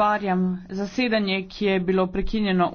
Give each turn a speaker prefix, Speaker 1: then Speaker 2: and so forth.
Speaker 1: otvarjam zasedanje, ki je bilo prekinjeno